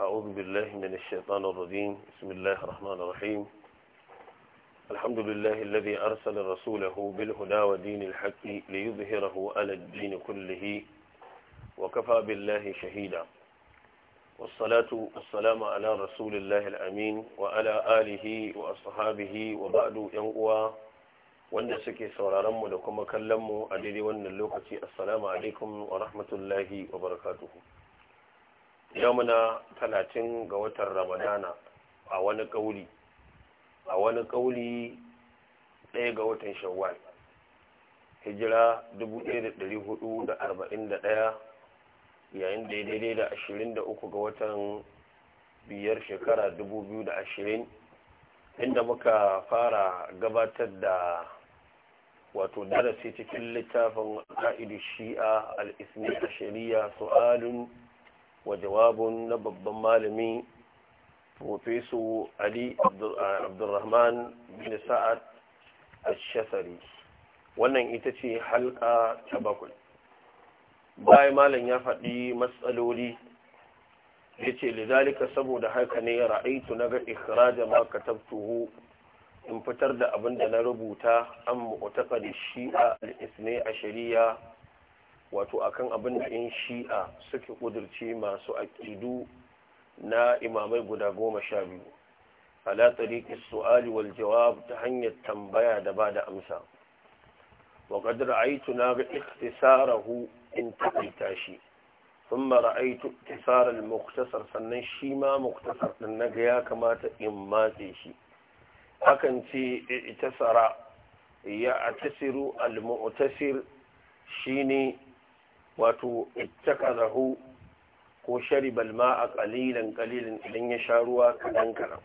أعوذ بالله من الشيطان الرجيم بسم الله الرحمن الرحيم الحمد لله الذي أرسل رسوله بالهدى ودين الحق ليظهره على الدين كله وكفى بالله شهيدا والصلاة والسلام على رسول الله الأمين وعلى آله وأصحابه وبعد ينقوى wanda suke sauraronmu da kuma kallonmu a daidai wannan lokaci assalamu alaikum wa rahmatullahi wa barakatuhu na talatin ga watan ramadana a wani kauli a wani kauli ɗaya ga watan shawwal hijira 1441 yayin da daidai da 23 ga watan biyar shekara 2020 inda muka fara gabatar da wato darasi cikin littafin ka'idu shi'a al-ismi a shari'a su'alun wa jawabin na babban malami profeso ali abdurrahman bin sa'ad al wannan ita ce halka ta bakwai bayan malam ya faɗi matsaloli ya ce lidalika saboda haka ne ra'aitu na ga ikirajen ma in fitar da abin da na rubuta an mu'taqadi shi'a al-isnai a shari'a wato akan abin da in shi'a suke kudurce masu aƙidu na imamai guda goma sha biyu ala tariqi su'ali wal jawab ta hanyar tambaya da ba da amsa wa qad ra'aytu na ga ikhtisarahu in taqita shi sun ra'aytu ikhtisar al muktasar sannan shi ma mukhtasar din naga ya kamata in matse shi hakan ce tsara ya atasiru al mu'tasir shine wato ittaqadahu ko sharibal a qalilan qalilan idan ya sha ruwa kadan kadan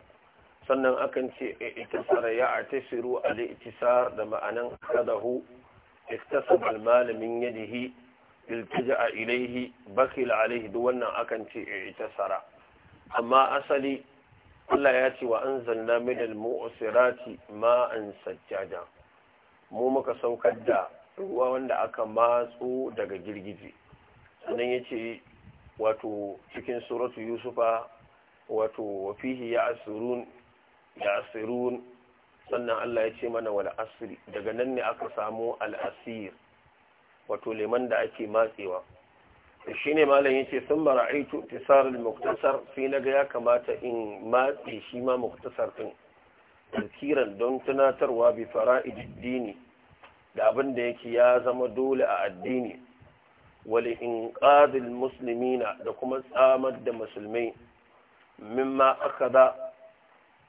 sannan akan ce ittisara ya atisiru al ittisar da ma'anan kadahu iktasaba malamin yadihi iltija a ilaihi ilayhi bakil alayhi duk wannan akan ce ittisara amma asali Allah ya ce wa anzalna min muusirati ma'an sajjaja mu muka saukar da ruwa wanda aka matso daga girgije sannan ya ce wato cikin suratu yusufa wato wafihi ya asirun ya asirun sannan Allah ya ce mana wani asiri daga nan ne aka samu al'asir wato leman da ake matsewa shi ne malam ya ce sun mara aitu tisarar muktasar sai na ga ya kamata in matse shi ma muktasar ɗin tarkiran don tunatarwa bi fara'id dini da abin da yake ya zama dole a addini wali in ƙadil musulmina da kuma tsamar da musulmai mimma aka da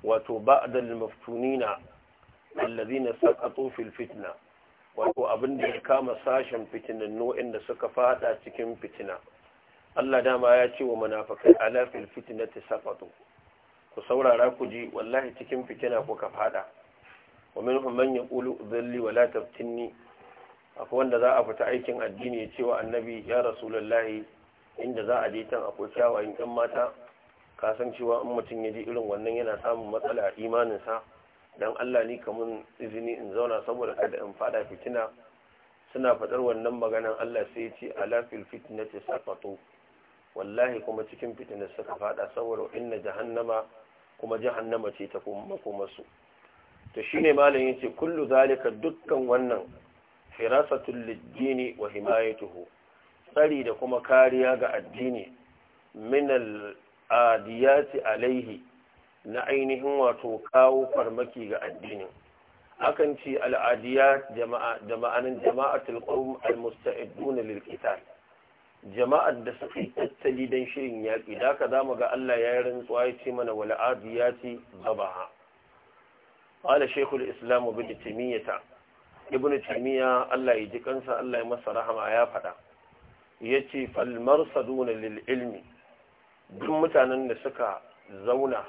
wato na maftunina na saka fil fitna wato abin da ya kama sashen fitinannu inda suka fada cikin fitina Allah dama ya ce wa munafakai ala fil ta saqatu ku saurara ku ji wallahi cikin fitina kuka fada wa minhum man yaqulu udhilli wa la taftinni akwai wanda za a fita aikin addini ya cewa annabi ya rasulullahi inda za a je tan akwai kyawayen yan mata ka san cewa in mutum ya ji irin wannan yana samun matsala a imaninsa dan Allah ni kamun izini in zauna saboda kada in fada fitina suna faɗar wannan maganan Allah sai ya ce ala fil fitnati saqatu wallahi kuma cikin fitina suka fada saboda inna jahannama kuma jahannama ce ta kuma su to shine malam yace kullu zalika dukkan wannan firasatun lidini wa himayatuhu tsari da kuma kariya ga addini min al adiyati alaihi na ainihin wato kawo farmaki ga addinin akan ce al'adiyat da ma'anin jama'atul qawm al mustaidun lil qital jama'ar da suka yi tattali don shirin yaƙi da ka za ga Allah ya yi rantsuwa ya ce mana wal adiyati zabaha قال شيخ الإسلام ابن تيمية ابن تيمية الله يجيك أنسى الله يمسى رحمه يا فدا يتي فالمرصدون للعلم mutanen da suka zauna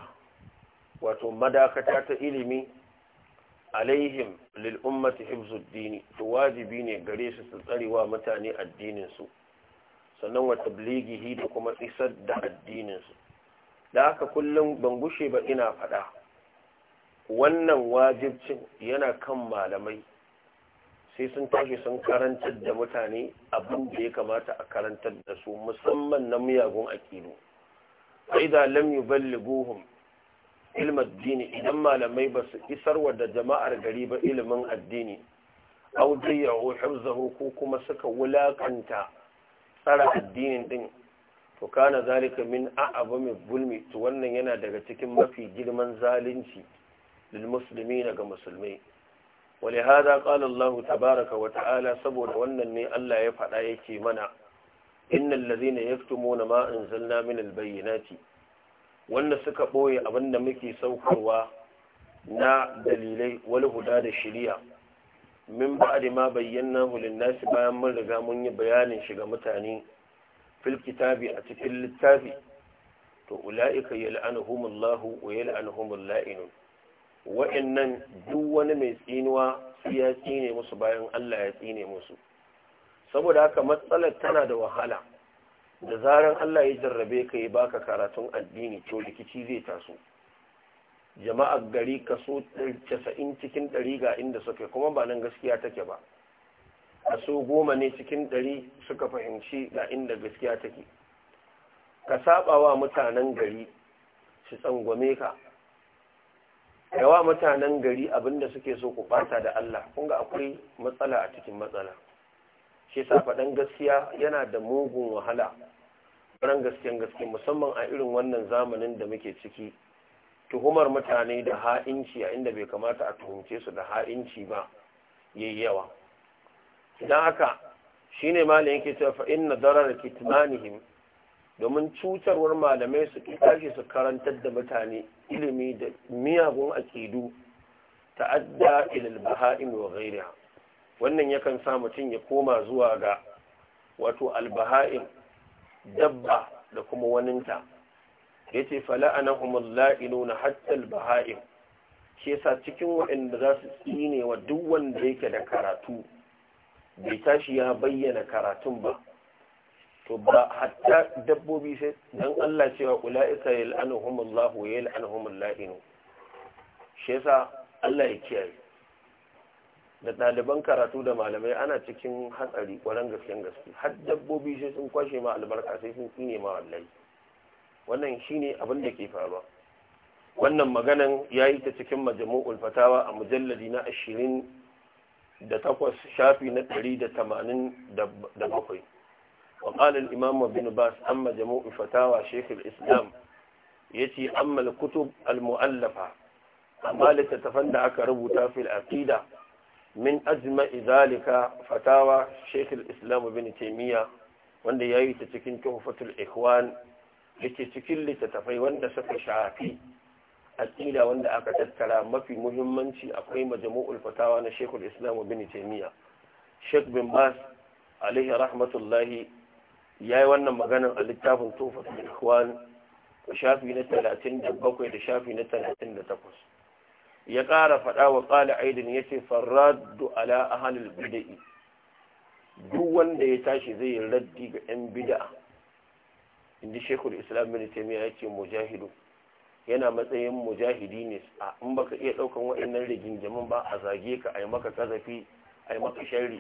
wato madakata ta ilimi alaihim lil'ummati hibzuddini to wajibi ne gare su su tsarewa mutane addininsu sannan wa tablighihi da kuma tsisar da addininsu da haka kullum ban gushe ba ina faɗa wannan wajibcin yana kan malamai sai sun tashi sun karantar da mutane abin da ya kamata a karantar da su musamman na miyagun aƙilu aida lam yuballighuhum ilm ad dini idan malamai ba su isar wa da jama'ar gari ba ilimin addini aw dayya'u ko kuma suka wulakanta tsara addinin din to kana zalika min a'abami bulmi to wannan yana daga cikin mafi girman zalunci musulmi للمسلمين كمسلمين ولهذا قال الله تبارك وتعالى سبوت ونني الله يفعل ايتي منع ان الذين يكتمون ما انزلنا bayyana البينات wanda suka ɓoye abin da muke saukarwa na dalilai wani huda da shirya min ba da ma bayyana hulun nasi bayan mun riga mun yi bayanin shiga mutane fil kitabi a cikin littafi to ula'ika yal'anuhumullahu wa yal'anuhumul la'inun wa'annan duk wani mai tsinuwa su ya tsine musu bayan Allah ya tsine musu saboda haka matsalar tana da wahala da zaran Allah ya jarrabe ka yi baka karatun addini to rikici zai taso jama'ar gari kaso 90 cikin 100 ga inda suke kuma ba nan gaskiya take ba kaso goma ne cikin ɗari suka fahimci ga inda gaskiya take ka saba wa mutanen gari su tsangwame ka yawa mutanen gari abinda suke so ku bata da Allah kun ga akwai matsala a cikin matsala shi sa faɗan gaskiya yana da mugun wahala ran gaskiyan gaske musamman a irin wannan zamanin da muke ciki tuhumar mutane da ha'inci a inda bai kamata a tuhumce su da ha'inci ba yayi yawa idan haka shine malam yake cewa fa inna darar kitmanihim domin cutarwar malamai su tashi su karantar da mutane ilimi da miyagun aƙidu ta'adda ilal baha'in wa ghairiha wannan yakan sa mutum ya koma zuwa ga wato albaha'in dabba da kuma waninta yace fala'anahum na hatta albaha'im shi yasa cikin waɗanda za su tsine duk wanda yake da karatu bai tashi ya bayyana karatun ba to ba hatta dabbobi sai dan Allah cewa ula'ika yal'anuhumullahu wa yal'anuhumul la'inu shi yasa Allah ya kiyaye da ɗaliban karatu da malamai ana cikin hatsari kwaran gasken gaske har dabbobi sai sun kwashe ma albarka sai sun tsine ma wallahi wannan shine abin da ke faruwa wannan maganan yayi ta cikin majmu'ul fatawa a mujalladi na ashirin da takwas shafi na ɗari da tamanin da bakwai وقال الإمام ابن باس أما جموع فتاوى شيخ الإسلام يتي أما الكتب المؤلفة أما لتتفندع كربوتا في العقيدة من أجمع ذلك فتاوى شيخ الإسلام ابن تيمية wanda ya yi ta cikin tuhufatul ikhwan da ke cikin littattafai wanda suka shafi aƙida wanda aka tattara mafi muhimmanci akwai majamu'ul fatawa na shekul islam bin taimiyya shek bin bas alaihi rahmatullahi ya yi wannan maganar a littafin da ikhwan shafi na 37 da shafi na 38 ya ƙara faɗa wa ƙala aidin ya ce farraddu ala ahalul bida'i duk wanda ya tashi zai yi raddi ga 'yan bida'a inda shekul islam bin taimiyya ya ce mujahidu yana matsayin mujahidi ne a in baka iya ɗaukan waɗannan jamin ba a zage ka a yi maka kazafi a yi maka shari'a.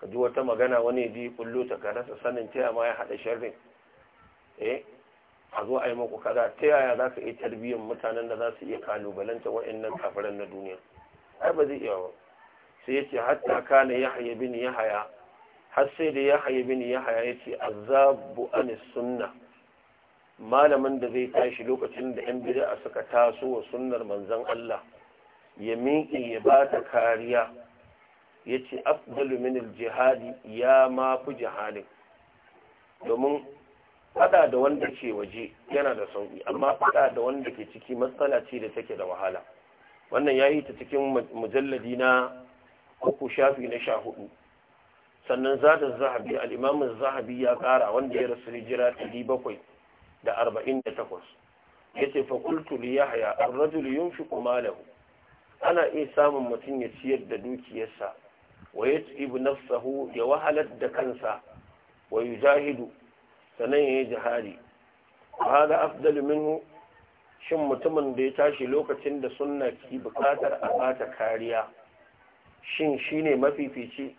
ka ji wata magana wani ya ji kullu ta ka rasa sanin ta ma ya haɗa sharrin eh a zo a yi maku kaza ta yaya za ka iya tarbiyyar mutanen da za su iya kalubalanta wa'annan kafiran na duniya ai ba zai iya ba sai yace hatta kana yahya bin yahya har sai da yahya bin yahya yace azabu an sunna malamin da zai tashi lokacin da yan bid'a suka taso wa sunnar manzon Allah ya miƙe ya ba ta kariya ya ce afdalu min jihadi ya ma fi jihadin domin fada da wanda ke waje yana da sauki amma fada da wanda ke ciki matsala ce da take da wahala wannan ya yi ta cikin mujalladi na uku shafi na sha hudu sannan zata zahabi al'imamin zahabi ya kara wanda ya rasu hijira ɗari bakwai da arba'in da takwas ya ce fakultul ya haya an rajul yunfiqu malahu ana iya samun mutum ya ciyar da dukiyarsa wa yat'ibu nafsahu ya wahalar da kansa wa yujahidu sanan yayi jihadi hada afdalu minhu shin mutumin da ya tashi lokacin da sunna ki bukatar a bata kariya shin shine mafifici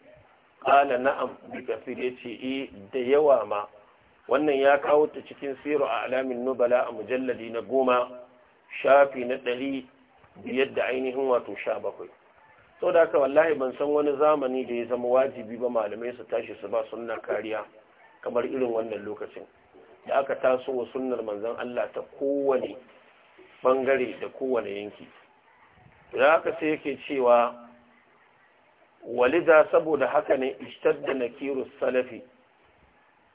qala na'am bi kafir yace eh da yawa ma wannan ya kawo ta cikin siru a alamin nubala a mujalladi na goma shafi na ɗari biyar da ainihin wato sha bakwai sau da haka wallahi ban san wani zamani da ya zama wajibi ba malamai su tashi su ba sunna kariya kamar irin wannan lokacin da aka taso wa sunnar manzan Allah ta kowane bangare da kowane yanki da haka sai yake cewa walida saboda haka ne ishtadda nakiru salafi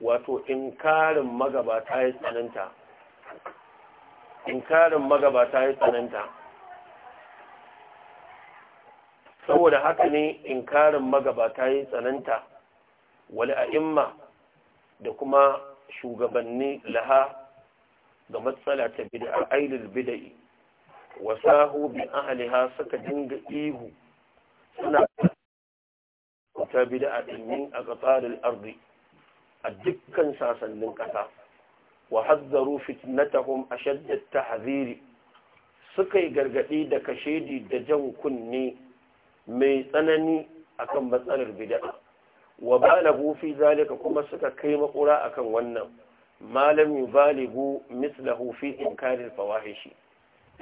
wato inkarin magabata ya tsananta inkarin magabata ya tsananta saboda haka ne inkarin magabata yi tsananta wani a'imma da kuma shugabanni laha ga matsala ta bid'a bida'i wasu wasahu bi ahliha suka dinga ihu suna ta bid'a din a qataril ardi a dukkan sasannin kasa wa haddaru fitnatahum ashadda at-tahziri suka yi gargadi da kashedi da jan kunne mai tsanani akan matsalar bid'a wa balagu fi zalika kuma suka kai makura akan wannan malam yubaligu mislahu fi inkaril fawahishi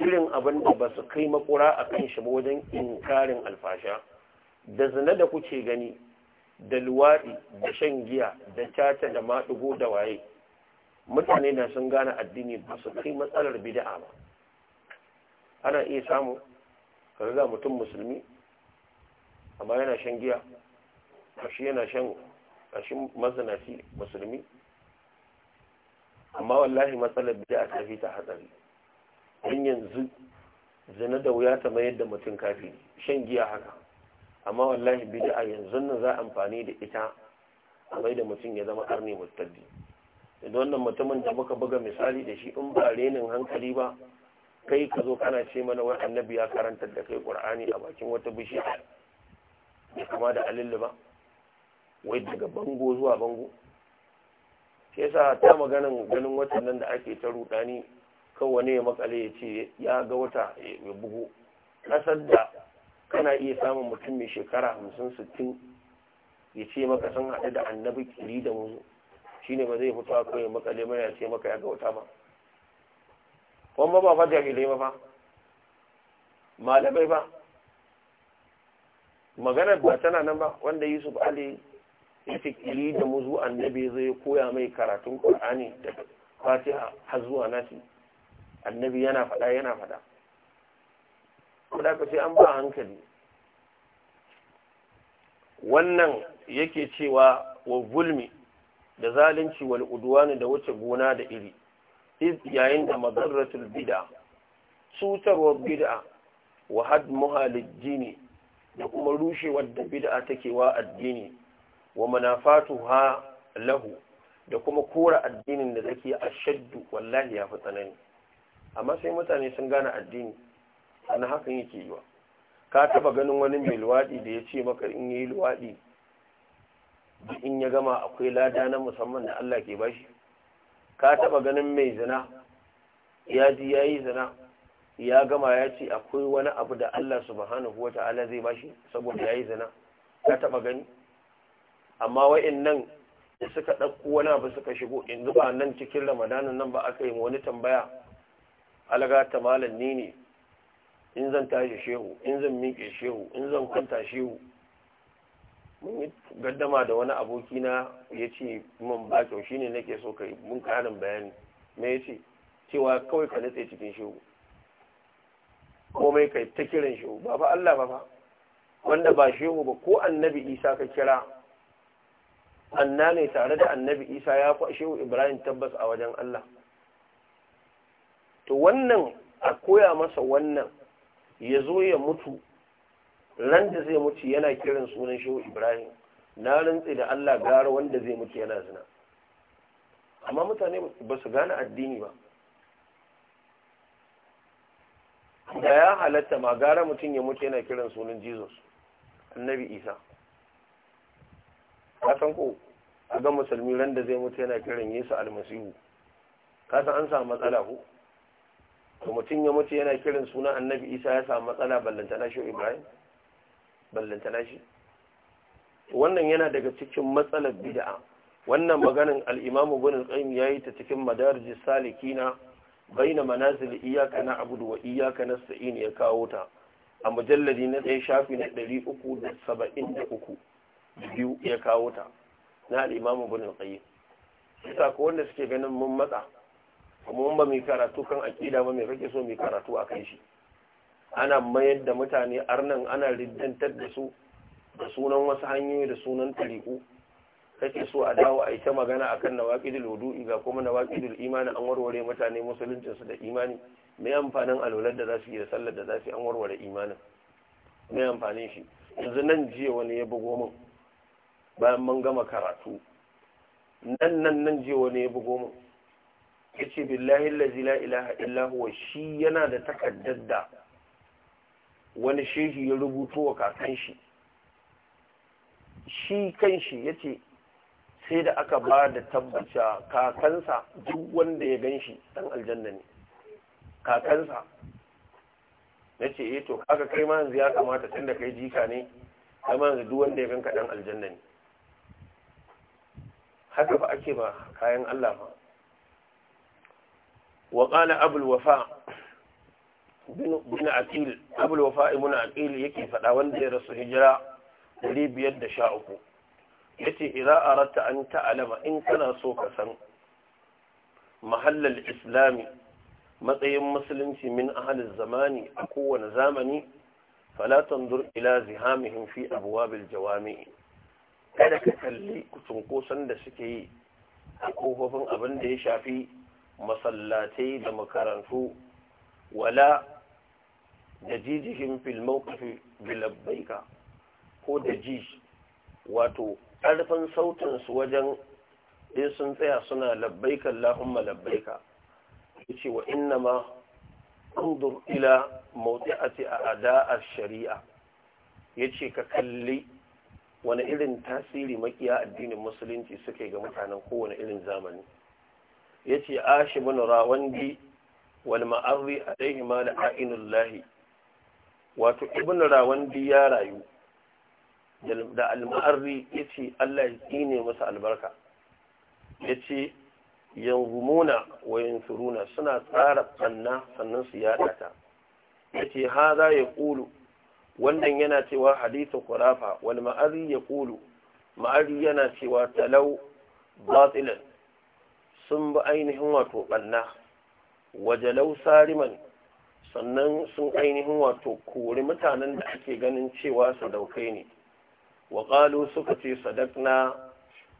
irin abin da ba su kai makura kan shi ba wajen inkarin alfasha da zina da kuke gani da luwaɗi da shan giya da caca, da maɗigo da waye mutane na sun gane addini ba su kai matsalar bid'a ba ana iya samu kaga mutum musulmi amma yana shan giya a shi yana shan shi musulmi amma wallahi matsalar bid'a ta fi ta hatsari in yanzu zina da wuya ta mayar da mutum kafi shan giya haka amma wallahi a yanzu nan za amfani da ita a mai da mutum ya zama karni mustaddi idan wannan mutumin da muka buga misali da shi in ba renin hankali ba kai ka zo kana ce mana wai annabi ya karantar da kai qur'ani a bakin wata bishiya ya kama da ba wai daga bango zuwa bango shi yasa ta maganin ganin watan nan da ake ta rudani kan wani ya makale ya ce ya ga wata ya bugu kasar da kana iya samun mutum mai shekara hamsin sittin ya ce maka sun haɗu da annabi kiri da muzu shi ne ba zai fito a kawai makale mai ya ce maka ya ga wata ba kuma ba fa jahilai ba fa malamai ba maganar ba tana nan ba wanda yusuf ali ya fikiri da muzu annabi zai koya mai karatun qur'ani da fatiha har zuwa nasi annabi yana fada yana fada kuma kace an ba hankali wannan yake cewa wa zulmi da zalunci wal udwani da wuce gona da iri yayin da mazarratul bid'a cutarwar bid'a wa hadmuha lijini da kuma rushewar da bid'a take wa addini wa manafatuha lahu da kuma kora addinin da take ashaddu wallahi yafi tsanani amma sai mutane sun gane addini na hakan yake yiwa ka taba ganin wani mai luwaɗi da ya ce maka in yi luwadi in ya gama akwai lada na musamman da Allah ke bashi ka taba ganin mai zina ya ji yayi zina ya gama ya ce akwai wani abu da Allah subhanahu wa ta'ala zai bashi saboda ya yi zina ka taba gani amma wa'in nan da suka ɗauko wani abu suka shigo in zuba nan cikin ramadanin nan ba aka yi wani tambaya alaga ta malam ni ne in zan tashi shehu in zan miƙe shehu in zan kwanta shehu mun yi gaddama da wani abokina ya ce min ba kyau shine nake so kai mun karin bayani me ya ce cewa kawai ka nutse cikin shehu komai kai ta kiran shi ba fa Allah ba fa wanda ba shehu ba ko annabi isa ka kira anna ne tare da annabi isa ya kwa shehu ibrahim tabbas a wajen Allah to wannan a koya masa wannan ya zo ya mutu ran da zai mutu yana kiran sunan shehu ibrahim na rantsi da Allah gara wanda zai mutu yana zina amma mutane ba su gane addini ba da ya halatta ma gara mutum ya mutu yana kiran sunan jesus annabi isa ka san ko a ga musulmi ran da zai mutu yana kiran yesu almasihu ka san an samu matsala ko to mutum ya mutu yana kiran sunan annabi isa ya samu matsala na shi ibrahim na shi wannan yana daga cikin matsalar bid'a wannan maganin al-imamu ibn al-qayyim yayi ta cikin madarijis salikina baina manazil iyaka na wa iyaka na ya kawo ta a mujalladi na ɗaya shafi na ɗari uku da uku biyu ya kawo ta na al-imamu ibn al-qayyim isa ko wanda suke ganin mun matsa kuma mun ba mai karatu kan aƙida ba mai kake so mai karatu a kai shi ana mayar da mutane arnan ana riddantar da su da sunan wasu hanyoyi da sunan tariku kake so a dawo a yi ta magana akan nawaƙidul wudu'i ga kuma nawaƙidul imani an warware mutane musuluncinsu da imani mai amfanin alwalar da su yi da sallar da za su yi an warware imanin mai amfanin shi yanzu nan jiya wani ya bugo min bayan mun gama karatu nan nan nan jiya wani ya bugo min Ya ce billahi allazi la ilaha illa huwa shi yana da takaddar da wani shehi ya rubuto wa kakan shi shi kan shi ya ce sai da aka ba da tabbaca kakansa duk wanda ya gan shi ɗan aljanna ne kakansa na ce e to aka kai ma yanzu ya kamata tun da kai jika ne kai ma yanzu duk wanda ya ka ɗan aljanna ne haka ba ake ba kayan Allah ba wa qala abul wafa bin akil abul wafa ibn akil yake faɗa wanda ya rasu hijira 513 yace idza arata an ta'alama in kana so ka san mahallar islami matsayin musulunci min ahalin zamani a kowane zamani fala dur ila zihamihim fi abwabil jawami kada ka kalli cunkoson da suke yi a kofofin abin da ya shafi masallatai da makarantu wala da jijihim fil mawqifi bilabbaika ko da jish wato ƙarfin sautinsu wajen in sun tsaya suna labbaika Allahumma labbaika ce wa inna ma a ila a ada'ar shari'a yace ka kalli wani irin tasiri makiya addinin musulunci suke ga mutanen kowane irin zamani Ya yace ashi bin rawandi wal ma'arri alaihi ma la'inullahi wato ibn rawandi ya rayu da almu'arri ya ce Allah ya tsine masa albarka ya ce yanzumuna wa yansuruna suna tsara sannan sannan su yada ta ya ha za ya kulu wannan yana cewa hadithu kurafa wal ma'arri ya kulu ma'arri yana cewa talau batilan sun bi ainihin wato ɓanna wajalau sariman sannan sun ainihin wato kori mutanen da ake ganin cewa su daukai ne waƙalu suka ce sadakna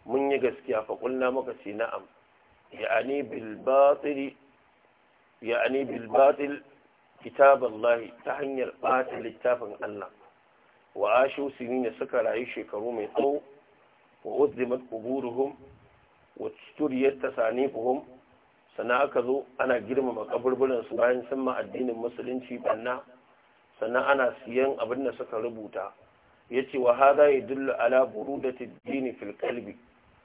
mun yi gaskiya faƙulna muka ce na'am ya'ani bilbatil ya'ani bilbatil kitab Allah ta hanyar ɓata littafin Allah wa ashu sinina suka rayu shekaru mai tsawo wa uzlimat quburuhum wa turiyat tasanifuhum sannan aka zo ana girmama kaburburan su bayan sun ma addinin musulunci banna sannan ana siyan abin da suka rubuta ce wa hada yadullu ala burudati ad fil qalbi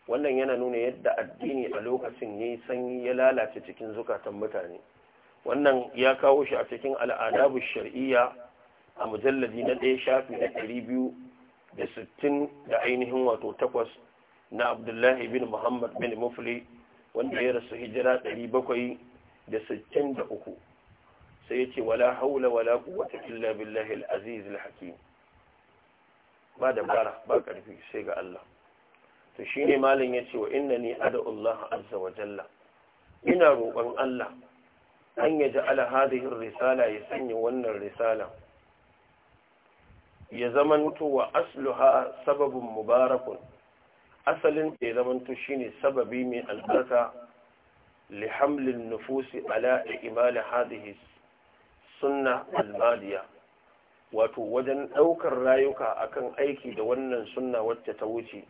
wannan yana nuna yadda addini a lokacin yayi sanyi ya lalace cikin zukatan mutane wannan ya kawo shi a cikin al'adabu shar'iyya a mujalladi na ɗaya shafi na ɗari biyu da sittin da ainihin wato takwas na abdullahi bin muhammad bin mufli wanda ya rasu hijira ɗari bakwai da sittin da uku sai ya ce wala haula wala kuwata illa billahi al-aziz al-hakim ba dabara ba ƙarfi sai ga Allah to shine malin yace wa innani ad'u Allah azza wa jalla ina roƙon Allah an ya ja'ala hadhihi risala ya sanya wannan risala ya zamanto wa asluha sababun mubarakun asalin ya zamanto shine sababi mai albarka li hamlin nufusi ala imali hadhihi sunna al wato wajen ɗaukar rayuka akan aiki da wannan sunna wacce ta wuce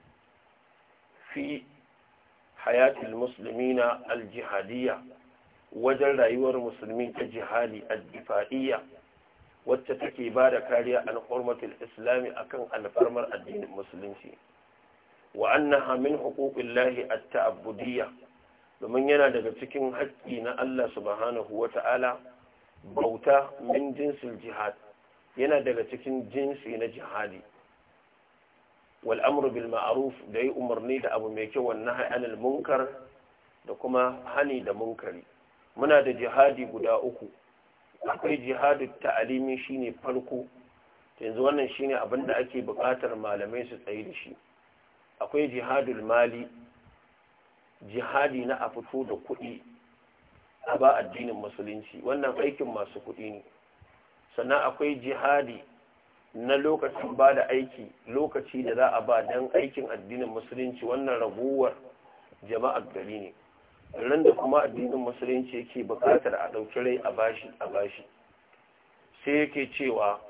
fi hayatul na aljihadiyya wajen rayuwar musulmi ta jihadi addifa'iyya wacce take ba da kariya an hurmatul islami akan alfarmar addinin musulunci wa annaha min huquqillahi at-ta'abbudiyya domin yana daga cikin haƙƙi na Allah subhanahu wata'ala bauta min jinsil jihad yana daga cikin jinsi na jihadi wal amru bil ma'ruf da yi umarni da abu mai kyau wannan anil munkar da kuma hani da munkari muna da jihadi guda uku akwai jihadi ta'alimi shine farko yanzu wannan shine abin da ake buƙatar malamai su tsaye da shi akwai jihadul mali jihadi na a fito da kuɗi a ba addinin musulunci wannan aikin masu kuɗi ne sannan akwai jihadi na lokacin ba da aiki lokaci da za a ba don aikin addinin musulunci wannan raguwar jama'ar gari ne ran da kuma addinin musulunci yake bukatar a ɗauki rai a bashi a bashi sai yake cewa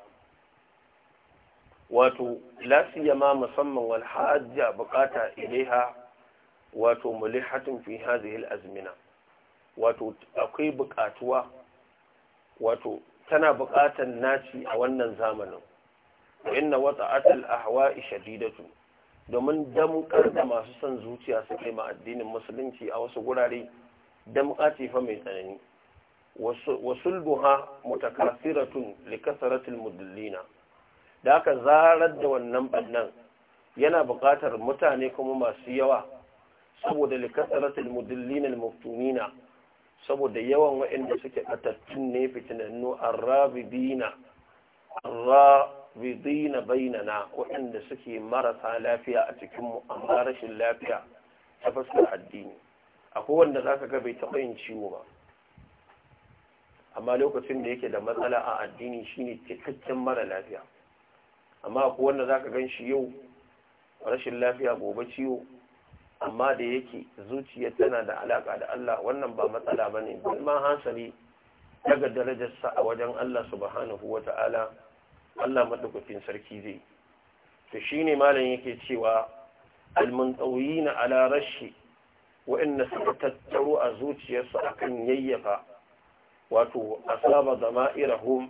wato lasiyama musamman wal hajja bukata ilaiha wato mulihatun fi hadhihi al azmina wato akwai bukatuwa wato tana buƙatar naci a wannan zamanin wa inna wata'atul ahwa'i shadidatu domin damƙar da masu son zuciya suke ma addinin musulunci a wasu gurare damƙa fa mai tsanani wasulbuha mutakasiratun likasaratul mudallina da aka zarar da wannan bannan yana buƙatar mutane kuma masu yawa saboda likasaratul mudallina al-muftunina saboda yawan waɗanda suke ɓatattun ne fitinannu arrabidina arrabidina bainana waɗanda suke marasa lafiya a cikinmu amma rashin lafiya ta fuskar addini akwai wanda za ka ga bai taɓa yin ciwo ba amma lokacin da yake da matsala a addini shine cikakken mara lafiya amma akwai wanda za ka gan shi yau rashin lafiya gobe ciwo amma da yake zuciya tana da alaka da Allah wannan ba matsala bane ma hansari daga darajarsa a wajen Allah subhanahu wata'ala Allah madaukakin sarki zai to shine malam yake cewa almuntawiyina ala rashi wa'anna suka tattaro a zuciyarsu akan yayyafa wato asaba a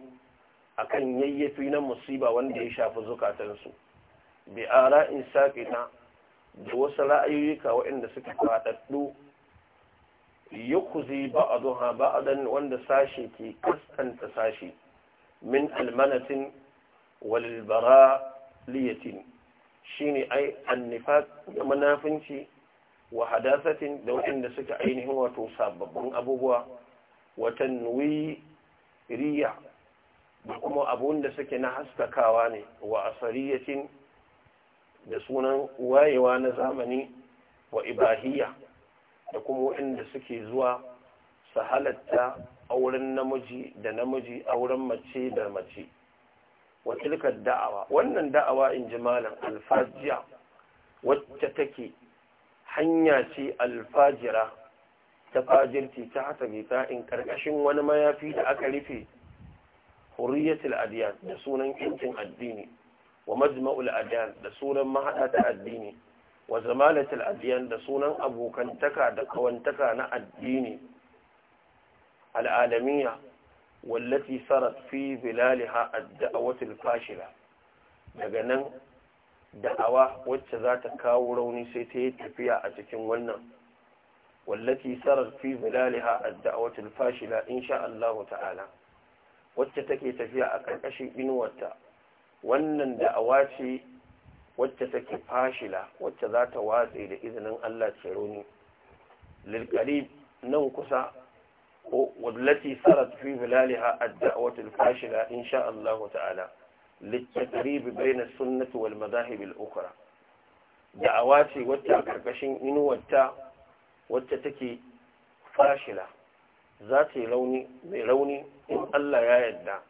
akan yayyafi na musiba wanda ya shafi zukatansu bi ara'in na. da wasu ra'ayoyika waɗanda suka faɗaɗɗu ya kuzi ba a zuha ba a dan wanda sashe ke kaskanta sashe min almanatin walbara liyatin shi ne ai annifat da manafinci wa hadasatin da waɗanda suka ainihin wato sababbin abubuwa watan riya da kuma abun da suke na haskakawa ne wa asariyatin da sunan wayewa na zamani wa ibahiyya da kuma waɗanda suke zuwa su halatta auren namiji da namiji auren mace da mace wa da'awa wannan da'awa in ji malam alfajiya wacce take hanya ce alfajira ta fajirci ta ta in karkashin wani mayafi da aka rufe huriyatul adiyan da sunan kincin addini wa majma'ul adiyan da sunan mahaɗa ta addini wa zamalatul adiyan da sunan abokantaka da kawantaka na addini al'alamiya wallati sarat fi bilaliha ad-da'watul fashila daga nan da'awa wacce za ta kawo rauni sai ta yi tafiya a cikin wannan wallati sarar fi bilaliha ad-da'watul fashila insha Allah ta'ala wacce take tafiya a karkashin inuwarta wannan da'awa ce wacce take fashila wacce za ta watse da izinin Allah tseroni karib nan kusa wadlati sarat fi bilaliha adda'awatu fashila insha Allah ta'ala litakrib baina sunnati wal madahib al ukhra da'awa ce wacce a karkashin inuwarta wacce take fashila za yi rauni mai rauni in Allah ya yarda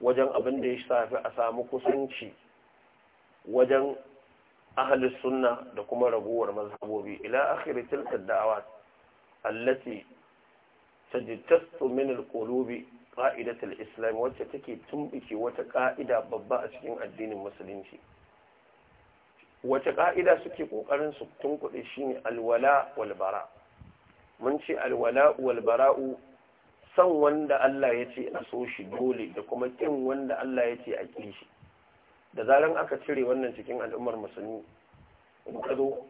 wajen abin da ya shafi a samu kusanci wajen ahalus sunna da kuma raguwar mazhabobi ila akhiri tilka da'awat allati tajtasu min alqulubi qa'idat alislam wacce take tumbike wata ka'ida babba a cikin addinin musulunci wace ka'ida suke kokarin su tunkuɗe shine alwala wal bara mun ce alwala wal bara'u san wanda Allah ya ce a so shi dole da kuma kin wanda Allah ya ce a ƙi da zaran aka cire wannan cikin al'ummar musulmi in ka zo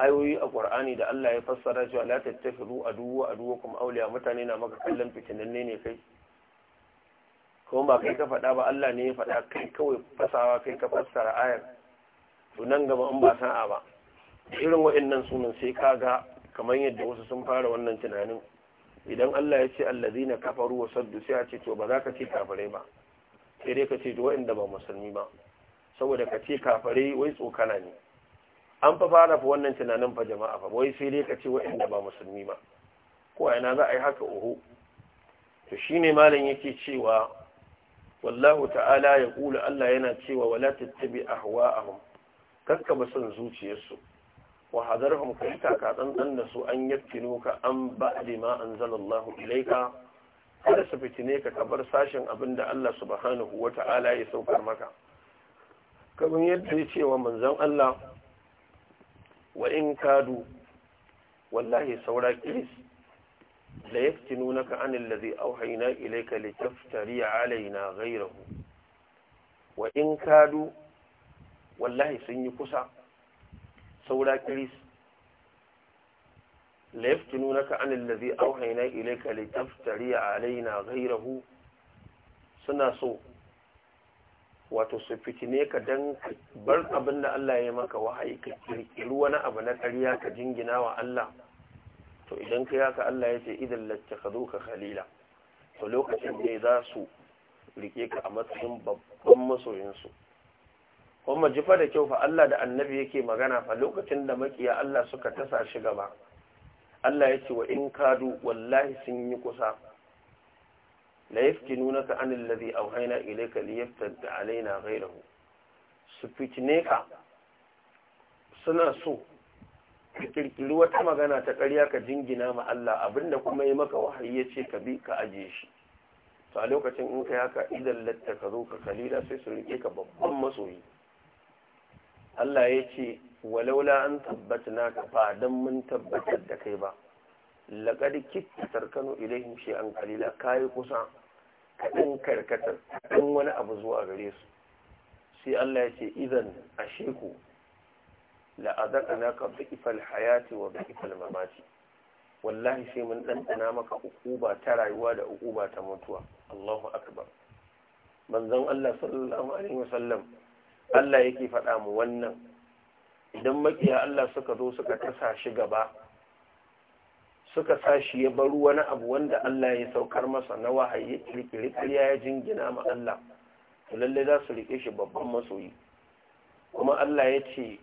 ayoyi a Qur'ani da Allah ya fassara cewa la tattakhidhu aduwwa aduwwakum auliya mutane na maka kallon fitinanne ne kai kuma ba kai ka faɗa ba Allah ne ya fada kai kawai fasawa kai ka fassara ayar to nan gaba in ba sa'a ba irin wa'annan sunan sai ka ga kamar yadda wasu sun fara wannan tunanin idan Allah ya ce allazina kafaru wa saddu sai a ce to ba za ka ce kafare ba sai dai ka ce to wa'anda ba musulmi ba saboda ka ce kafare wai tsokana ne an fa fara fa wannan tunanin fa jama'a fa wai sai dai ka ce wa'anda ba musulmi ba ko ina za a yi haka oho to shine malam yake cewa wallahu ta'ala ya kula Allah yana cewa wala tattabi ahwa'ahum kakka ba son zuciyarsu wa hadarhum kai taka tsantsan da su an yaftinu ka an ba'di ma anzalallahu ilaika kada su fitine ka bar sashen abin da Allah subhanahu wa ta'ala ya saukar maka kamar yadda ya ce manzon Allah wa in kadu wallahi saura kiris la yaftinunaka an allazi awhayna ilayka litaftari alaina ghayrahu wa in kadu wallahi sun yi kusa saura kiris la yaftununaka an allazi auhayna ilayka a alaina gairahu suna so wato su fitine ka dan bar abin da Allah ya maka wahayi ka kirkiri wani abu na ƙarya ka jingina wa Allah to idan ka yaka Allah ya ce idan ka zo ka khalila to lokacin da za su rike ka a matsayin babban masoyinsu kuma jifa da kyau fa Allah da annabi yake magana fa lokacin da makiya Allah suka tasa shi gaba Allah ya ce wa in kadu wallahi sun yi kusa la yaftinunaka an alladhi awhayna ilayka liyaftad alaina ghayruhu su fitne ka suna so ka kirkiri wata magana ta ƙarya ka jingina ma Allah abinda kuma yi maka wahayi ya ce ka bi ka aje shi to a lokacin in ka haka idan latta ka zo ka kalila sai su rike ka babban masoyi Allah ya ce walaula an tabbata naka ba dan mun tabbatar da kai ba laqad kitta tarkanu ilaihim shay'an qalila Kayi kusa kaɗin karkatar kadan wani abu zuwa gare su sai Allah ya ce idan asheku la'azaka naka bi'fal hayati wa biifal mamati wallahi sai mun ɗanɗana maka ukuba ta rayuwa da ukuba ta mutuwa Allahu akbar manzon Allah sallallahu alaihi wasallam Allah yake faɗa mu wannan idan makiya Allah suka zo suka kasa shi gaba suka sa shi ya bar wani abu wanda Allah ya saukar masa na wahayi kirkiri ƙarya ya jingina ma Allah to lalle za su rike shi babban masoyi kuma Allah ya ce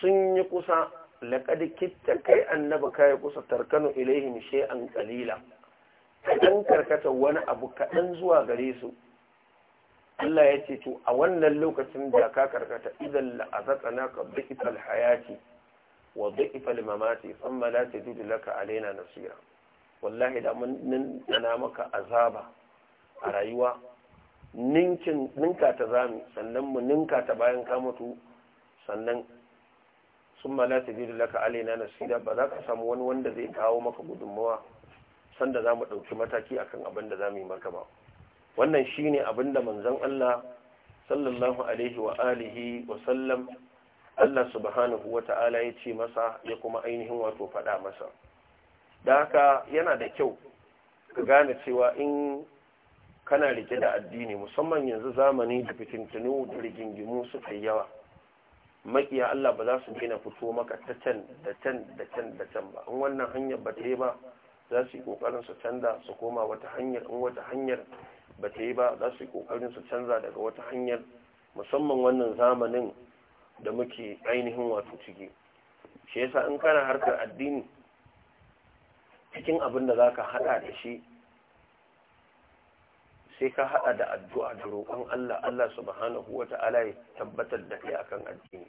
sun yi kusa laƙad kitta kai annabi kai kusa tarkanu ilaihim shay'an qalila kadan karkata wani abu kadan zuwa gare su Allah ya ce to a wannan lokacin da ka karkata idan la'azaqana ka bi'sal hayati wa bi'sal mamati thumma la tajidu laka alaina nasira wallahi da mun nana maka azaba a rayuwa ninkin ninka ta zamu sannan mu ninka ta bayan ka mutu sannan summa la tajidu laka alaina nasira ba za ka samu wani wanda zai kawo maka gudunmawa sanda zamu mu ɗauki mataki akan abin da za mu yi maka ba wannan shine abinda manzon Allah sallallahu alaihi wa alihi wa sallam Allah subhanahu wa ta'ala ya ce masa ya kuma ainihin wato faɗa masa da haka yana da kyau ka gane cewa in kana rike da addini musamman yanzu zamani da fitintunu da rigingimu suka yawa makiya Allah ba za su gina fito maka ta can da can da can da can ba in wannan hanyar ba ta yi ba za su yi kokarin su canza su koma wata hanyar in wata hanyar ba ta yi ba za su yi ƙoƙarin su canza daga wata hanyar musamman wannan zamanin da muke ainihin wato ciki shi yasa in kana harkar addini cikin abin da za ka haɗa da shi sai ka haɗa da addu'a da roƙon Allah Allah subhanahu wa ta'ala ya tabbatar da kai akan addini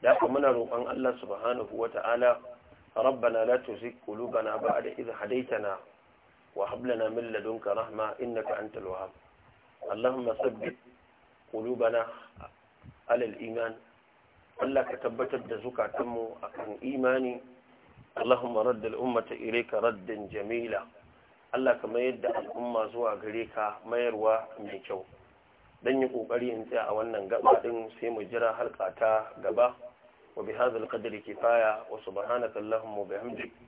da kuma muna roƙon Allah subhanahu wa ta'ala rabbana la tuzigh qulubana ba'da idh hadaytana وهب لنا من ka رحمة إنك أنت الوهاب اللهم ثبت قلوبنا على الإيمان Allah ka tabbatar da zukatanmu akan kan imani Allahumma raddal ummata ka raddin jamila Allah ka mayar da al'umma zuwa gare ka mayarwa mai kyau dan yi kokari in tsaya a wannan gaba din sai mu jira halka ta gaba wa bihadhal qadri kifaya wa subhanaka allahumma wa bihamdika